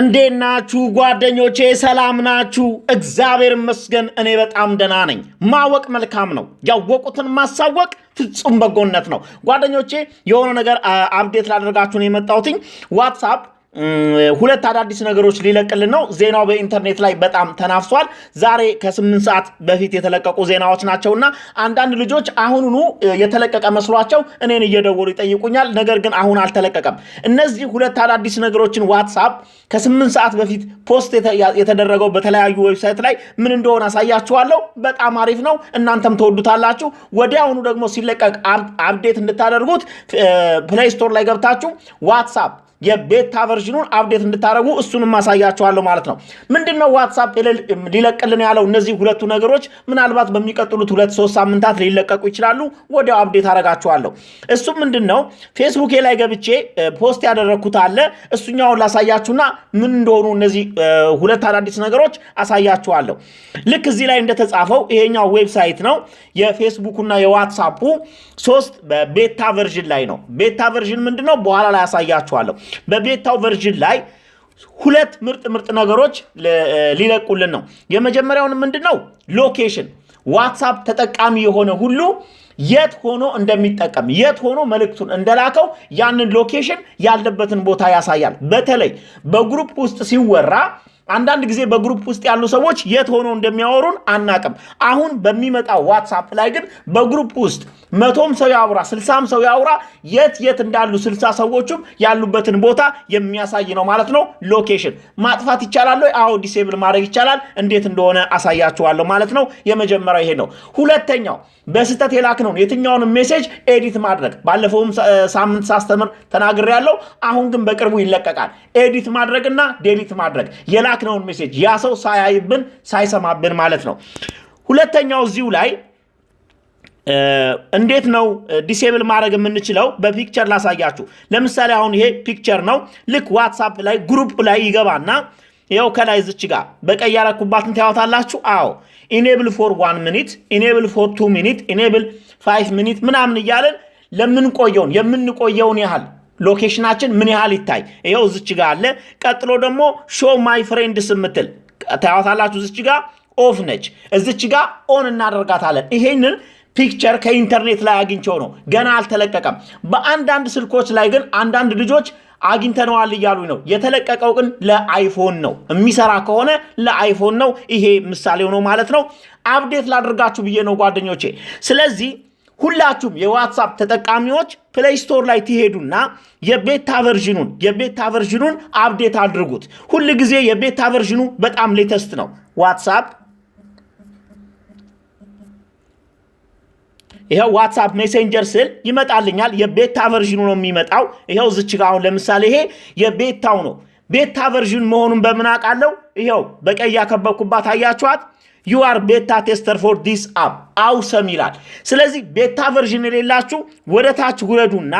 እንዴት ናችሁ ጓደኞቼ? ሰላም ናችሁ? እግዚአብሔር ይመስገን እኔ በጣም ደህና ነኝ። ማወቅ መልካም ነው። ያወቁትን ማሳወቅ ፍጹም በጎነት ነው። ጓደኞቼ የሆነ ነገር አፕዴት ላደርጋችሁ ነው የመጣሁትኝ ዋትሳፕ ሁለት አዳዲስ ነገሮች ሊለቅልን ነው። ዜናው በኢንተርኔት ላይ በጣም ተናፍሷል። ዛሬ ከስምንት ሰዓት በፊት የተለቀቁ ዜናዎች ናቸውና አንዳንድ ልጆች አሁኑኑ የተለቀቀ መስሏቸው እኔን እየደወሉ ይጠይቁኛል። ነገር ግን አሁን አልተለቀቀም። እነዚህ ሁለት አዳዲስ ነገሮችን ዋትሳፕ ከስምንት ሰዓት በፊት ፖስት የተደረገው በተለያዩ ዌብሳይት ላይ ምን እንደሆነ አሳያችኋለሁ። በጣም አሪፍ ነው። እናንተም ተወዱታላችሁ። ወዲያውኑ ደግሞ ሲለቀቅ አፕዴት እንድታደርጉት ፕሌይ ስቶር ላይ ገብታችሁ ዋትሳፕ የቤታ ቨርዥኑን አፕዴት እንድታደረጉ እሱንም ማሳያቸዋለሁ ማለት ነው። ምንድን ነው ዋትሳፕ ሊለቅልን ያለው? እነዚህ ሁለቱ ነገሮች ምናልባት በሚቀጥሉት ሁለት ሶስት ሳምንታት ሊለቀቁ ይችላሉ። ወዲያው አፕዴት አረጋቸዋለሁ። እሱም ምንድን ነው ፌስቡኬ ላይ ገብቼ ፖስት ያደረግኩት አለ። እሱኛውን ላሳያችሁና ምን እንደሆኑ እነዚህ ሁለት አዳዲስ ነገሮች አሳያችኋለሁ። ልክ እዚህ ላይ እንደተጻፈው ይሄኛው ዌብሳይት ነው የፌስቡኩና የዋትሳፑ ሶስት በቤታ ቨርዥን ላይ ነው። ቤታ ቨርዥን ምንድን ነው በኋላ ላይ አሳያችኋለሁ። በቤታው ቨርዥን ላይ ሁለት ምርጥ ምርጥ ነገሮች ሊለቁልን ነው። የመጀመሪያውን ምንድን ነው? ሎኬሽን ዋትሳፕ ተጠቃሚ የሆነ ሁሉ የት ሆኖ እንደሚጠቀም የት ሆኖ መልእክቱን እንደላከው ያንን ሎኬሽን ያለበትን ቦታ ያሳያል። በተለይ በግሩፕ ውስጥ ሲወራ አንዳንድ ጊዜ በግሩፕ ውስጥ ያሉ ሰዎች የት ሆኖ እንደሚያወሩን አናቅም። አሁን በሚመጣው ዋትሳፕ ላይ ግን በግሩፕ ውስጥ መቶም ሰው ያውራ ስልሳም ሰው ያውራ የት የት እንዳሉ ስልሳ ሰዎቹም ያሉበትን ቦታ የሚያሳይ ነው ማለት ነው። ሎኬሽን ማጥፋት ይቻላል አዎ ዲሴብል ማድረግ ይቻላል። እንዴት እንደሆነ አሳያችኋለሁ ማለት ነው። የመጀመሪያው ይሄ ነው። ሁለተኛው በስህተት የላክነውን የትኛውንም ሜሴጅ ኤዲት ማድረግ ባለፈውም ሳምንት ሳስተምር ተናግሬያለሁ። አሁን ግን በቅርቡ ይለቀቃል። ኤዲት ማድረግና ዴሊት ማድረግ የላ የላክነውን ሜሴጅ ያ ሰው ሳያይብን ሳይሰማብን ማለት ነው። ሁለተኛው እዚሁ ላይ እንዴት ነው ዲሴብል ማድረግ የምንችለው? በፒክቸር ላሳያችሁ። ለምሳሌ አሁን ይሄ ፒክቸር ነው። ልክ ዋትሳፕ ላይ ግሩፕ ላይ ይገባና ይኸው ከላይ ዝች ጋር በቀይ ያረኩባትን ታያወታላችሁ። አዎ ኢኔብል ፎር ዋን ሚኒት፣ ኢኔብል ፎር ቱ ሚኒት፣ ኢኔብል ፋይቭ ሚኒት ምናምን እያለን ለምንቆየውን የምንቆየውን ያህል ሎኬሽናችን ምን ያህል ይታይ፣ ይኸው እዚች ጋ አለ። ቀጥሎ ደግሞ ሾው ማይ ፍሬንድስ የምትል ታያታላችሁ። እዚች ጋ ኦፍ ነች፣ እዚች ጋ ኦን እናደርጋታለን። ይሄንን ፒክቸር ከኢንተርኔት ላይ አግኝቸው ነው፣ ገና አልተለቀቀም። በአንዳንድ ስልኮች ላይ ግን አንዳንድ ልጆች አግኝተነዋል እያሉ ነው። የተለቀቀው ግን ለአይፎን ነው። የሚሰራ ከሆነ ለአይፎን ነው። ይሄ ምሳሌ ነው ማለት ነው። አፕዴት ላድርጋችሁ ብዬ ነው ጓደኞቼ። ስለዚህ ሁላችሁም የዋትሳፕ ተጠቃሚዎች ፕሌይ ስቶር ላይ ትሄዱና የቤታ ቨርዥኑን የቤታ ቨርዥኑን አፕዴት አድርጉት። ሁል ጊዜ የቤታ ቨርዥኑ በጣም ሌተስት ነው። ዋትሳፕ ይኸው ዋትሳፕ ሜሴንጀር ስል ይመጣልኛል። የቤታ ቨርዥኑ ነው የሚመጣው። ይኸው ዝች ጋ አሁን ለምሳሌ ይሄ የቤታው ነው ቤታ ቨርዥን መሆኑን በምን አውቃለሁ? ይኸው በቀይ ያከበብኩባት አያችኋት። ዩአር ቤታ ቴስተር ፎር ዲስ አፕ አውሰም ይላል። ስለዚህ ቤታ ቨርዥን የሌላችሁ ወደ ታች ጉረዱና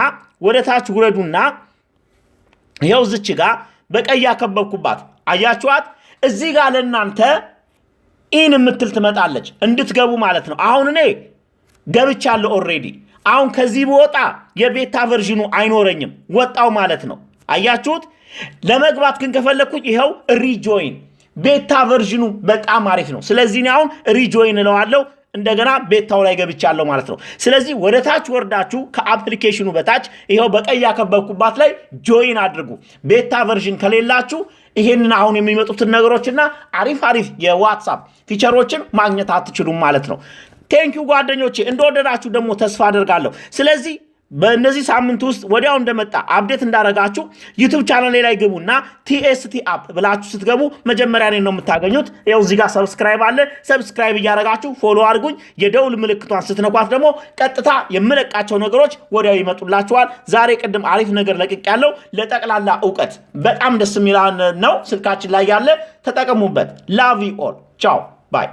ወደ ታች ይኸው ዝች ጋ በቀይ ያከበብኩባት አያችኋት። እዚህ ጋር ለእናንተ ኢን የምትል ትመጣለች እንድትገቡ ማለት ነው። አሁን እኔ ገብቻለሁ ኦልሬዲ። አሁን ከዚህ ብወጣ የቤታ ቨርዥኑ አይኖረኝም፣ ወጣው ማለት ነው። አያችሁት ለመግባት ግን ከፈለግኩኝ ይኸው ሪጆይን ቤታ ቨርዥኑ በጣም አሪፍ ነው። ስለዚህ እኔ አሁን ሪጆይን እለዋለሁ። እንደገና ቤታው ላይ ገብቻለሁ ማለት ነው። ስለዚህ ወደ ታች ወርዳችሁ ከአፕሊኬሽኑ በታች ይኸው በቀይ ያከበብኩባት ላይ ጆይን አድርጉ። ቤታ ቨርዥን ከሌላችሁ ይሄንን አሁን የሚመጡትን ነገሮችና አሪፍ አሪፍ የዋትሳፕ ፊቸሮችን ማግኘት አትችሉም ማለት ነው። ቴንኪዩ ጓደኞቼ፣ እንደወደዳችሁ ደግሞ ተስፋ አደርጋለሁ። ስለዚህ በእነዚህ ሳምንት ውስጥ ወዲያው እንደመጣ አፕዴት እንዳረጋችሁ ዩቱብ ቻናሌ ላይ ግቡ እና ቲኤስቲ አፕ ብላችሁ ስትገቡ መጀመሪያ እኔን ነው የምታገኙት። ይኸው እዚህ ጋር ሰብስክራይብ አለ። ሰብስክራይብ እያረጋችሁ ፎሎ አድርጉኝ። የደውል ምልክቷን ስትነኳት ደግሞ ቀጥታ የምለቃቸው ነገሮች ወዲያው ይመጡላችኋል። ዛሬ ቅድም አሪፍ ነገር ለቅቅ ያለው ለጠቅላላ እውቀት በጣም ደስ የሚላን ነው። ስልካችን ላይ ያለ ተጠቀሙበት። ላቪ ኦል ቻው ባይ